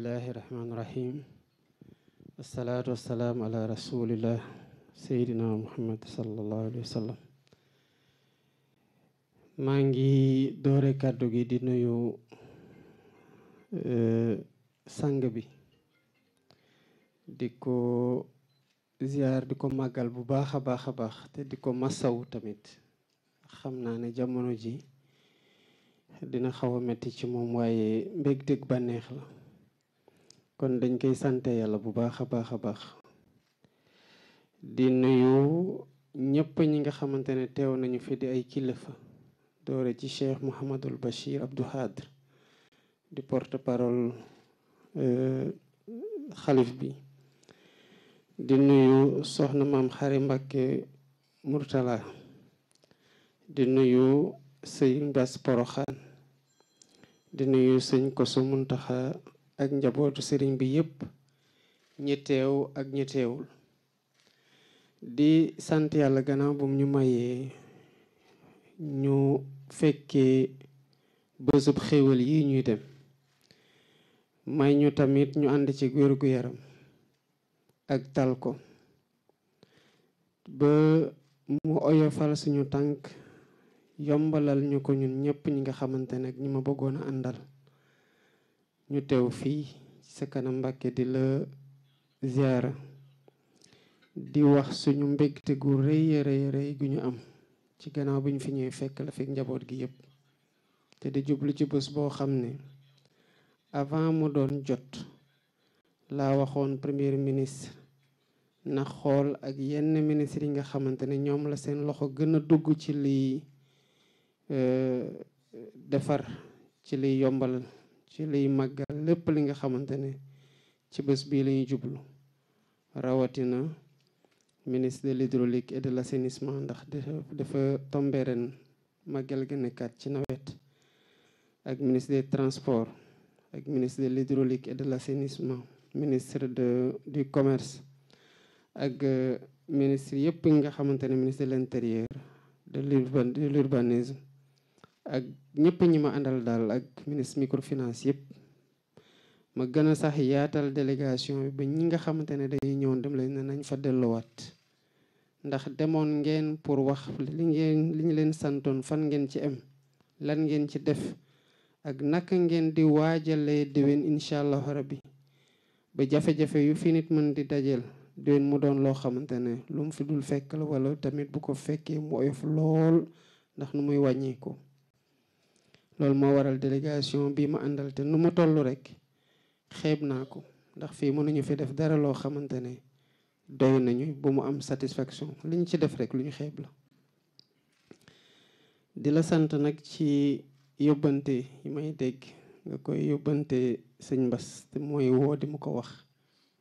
bismillahi rahmaani rahim asalaatu wasalaamu ala rasulillah seydina muhammad sallallahu alayhi wa maa ngi doore kàddu gi di nuyu eh, sang bi di ko ziar di ko màggal bu baax a baax a baax te di ko masaw tamit xam naa ne jamono ji dina xaw a metti ci moom waaye mbég dëgg bànneex la kon dañ koy sante yàlla bu baax a baax a baax di nuyu ñëpp ñi nga xamante ne teew nañu fi di ay kilifa doore ci cheikh Mouhamadul Bachir Abdou Khadr di porte parole euh, xalif bi di nuyu soxna maam xari Mbàkke Murtala di nuyu sëñ Bass Poroxaan di nuyu sëñ Koso ak njabootu sëriñ bi yépp ñetew teew ak ñi di sant yàlla gannaaw bu ñu mayee ñu fekkee bésub xéwal yi ñuy dem may ñu tamit ñu ànd ci gu yaram ak tal ko ba mu oyofal suñu tànk yombalal ñu ko ñun ñëpp ñi nga xamante ne ñu ma bëggoon a àndal ñu teew fii sa kanam Mbàkke di la ziara di wax suñu mbégte gu rëy rëy rëy gu ñu am ci gannaaw bi ñu fi ñuy fekk la fi njaboot gi yépp te di jublu ci bés boo xam ne avant mu doon jot la waxoon premier ministre na xool ak yenn ministre yi nga xamante ne ñoom la seen loxo gën a dugg ci liy euh, defar ci liy yombal ci liy màggal lépp li nga xamante ne ci bés bii lañuy jublu rawatina ministre de l'hydraulique et de l'assainissement ndax dafa tombé maggal màggal ci nawet ak ministre des transports ak ministre de l'hydraulique et de l'assainissement ministre de du commerce ak euh, ministre yëpp nga xamante ne ministre de l'intérieur de l'urbanisme ak ñëpp ñi ma àndal daal ak ministre microfinance yëpp ma gën a sax yaatal délégation bi ba ñi nga xamante ne dañuy ñëwoon dem leen ne nañ fa delluwaat ndax demoon ngeen pour wax li ngeen li ñu leen santoon fan ngeen ci am lan ngeen ci def ak naka ngeen di waajalee déwén incha allah rabbi ba jafe-jafe yu fi nit mën di dajeel déwén mu doon loo xamante ne lu mu fi dul fekk la wala tamit bu ko fekkee mu oyof lool ndax nu muy wàññeeku. loolu moo waral délégation bii ma àndal te nu ma toll rek xeeb naa ko ndax fii mënuñu fi def dara loo xamante ne doy nañu bu mu am satisfaction li ci def rek lu ñu xeeb la di la sant nag ci yóbbante yi may dégg nga koy yóbbante sëñ Mbas te mooy woo di mu ko wax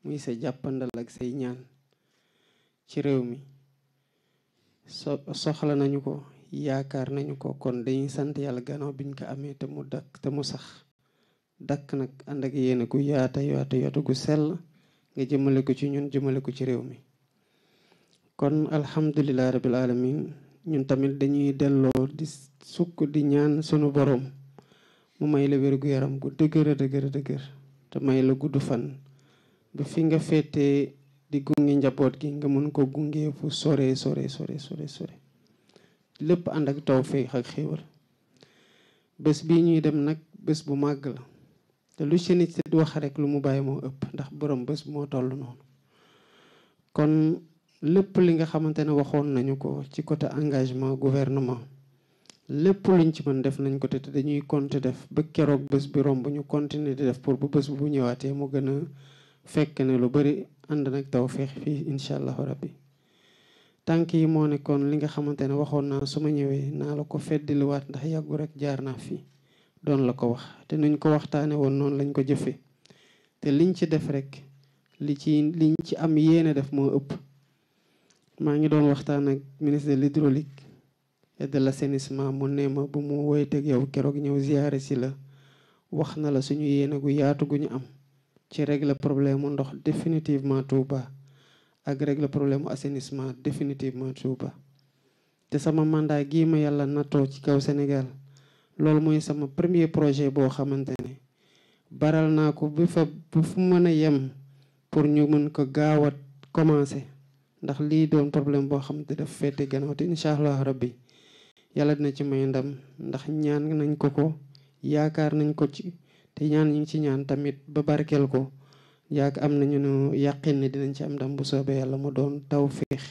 muy sa jàppandal ak say ñaan ci réew mi soxla nañu ko yaakaar nañu ko kon dañuy sant yàlla gannaaw biñ ko amee te mu dakk te mu sax dakk nag ànd ak yéene gu yaata yaata yaata gu sell nga jëmale ko ci ñun jëmale ko ci réew mi kon alhamdulilah rabil alamin ñun tamit dañuy delloo di sukk di ñaan sunu boroom mu may la wér yaram gu dëgëra dëgëra dëgër te may la gudd fan ba fi nga féetee di gunge njaboot gi nga mën ko gunge fu sore sore sore sore sore lépp ànd ak tawféex ak xéewal bés bii ñuy dem nag bés bu màgg la te lu ci nit di wax rek lu mu bàyyi moo ëpp ndax borom bés moo toll noonu kon lépp li nga xamante ne waxoon nañu ko ci côté engagement gouvernement lépp luñ ci mën def nañ ko te dañuy continuer def ba keroog bés bi romb ñu continuer di def pour ba bés bu ñëwaatee mu gën a fekk ne lu bari ànd nag tawféex fii incha allahu rabbi tànk yi moo nekkoon li nga xamante ne waxoon naa su ma ñëwee naa la ko feddiliwaat ndax yàggu rek jaar naa fi doon la ko wax te nuñ ko waxtaane woon noonu lañ ko jëfee te liñ ci def rek li ci liñ ci am yéene def moo ëpp maa ngi doon waxtaan ak ministre de l'hydraulique la de l'assainissement mu ne ma bu mu woyteeg yow keroog ñëw ziyaare si la wax na la suñu yéene gu yaatu gu ñu am ci régle problème mu ndox définitivement Touba ak régler problème assainissement définitivement Touba te sama mandat gii ma yàlla nattoo ci kaw Sénégal loolu mooy sama premier projet boo xamante ne baral naa ko bu fa bu fu mën a yem pour ñu mën ko gaaw a commencé ndax lii doon problème boo xamante daf fete gannaaw te incha allah rabbi yàlla dina ci may ndam ndax ñaan nañ ko ko yaakaar nañ ko ci te ñaan ñi ci ñaan tamit ba barkeel ko yaak am nañu nu yàqin ni dinañ ci am ndam bu soobee yàlla mu doon taw tawféex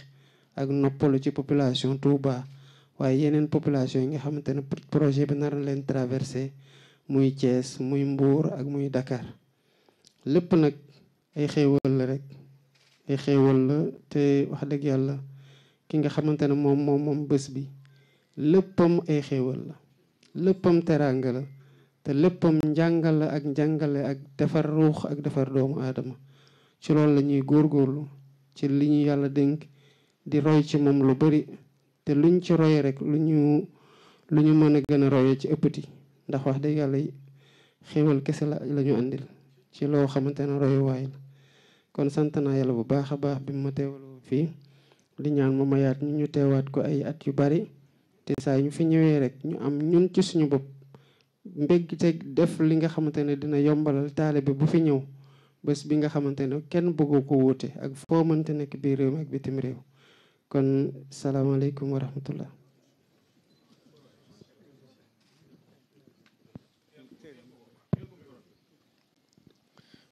ak noppalu ci population Touba waaye yeneen population yi nga xamante ne projet bi nar leen traversé muy Thiès muy mbuur ak muy Dakar lépp nag ay xéewal la rek ay xéewal la te wax dëgg yàlla ki nga xamante ne moom moom moom bés bi léppam ay xéewal la léppam teraanga la te léppam njàngale ak njàngale ak defar ruux ak defar doomu aadama ci loolu la ñuy góorlu ci li ñu yàlla dénk di roy ci moom lu bari te luñ ci roy rek lu ñu lu ñu mën a gën a royee ci ëppati ndax wax dëgg yàlla xéwal kese la lañu ñu ci loo xamante ne royuwaay la kon sant naa yàlla bu baax a baax bi ma teewaloo fii li ñaan ma mayaat ñu ñu teewaat ko ay at yu bari te saa ñu fi ñëwee rek ñu am ñun ci suñu bopp mbégteeg def li nga xamante ne dina yombalal ba bu fi ñëw bés bi nga xamante ne kenn bugg ko wuute ak foo mënte nekk biir réew mi bi bitim réew kon salaamaaleykum wa rahmatullah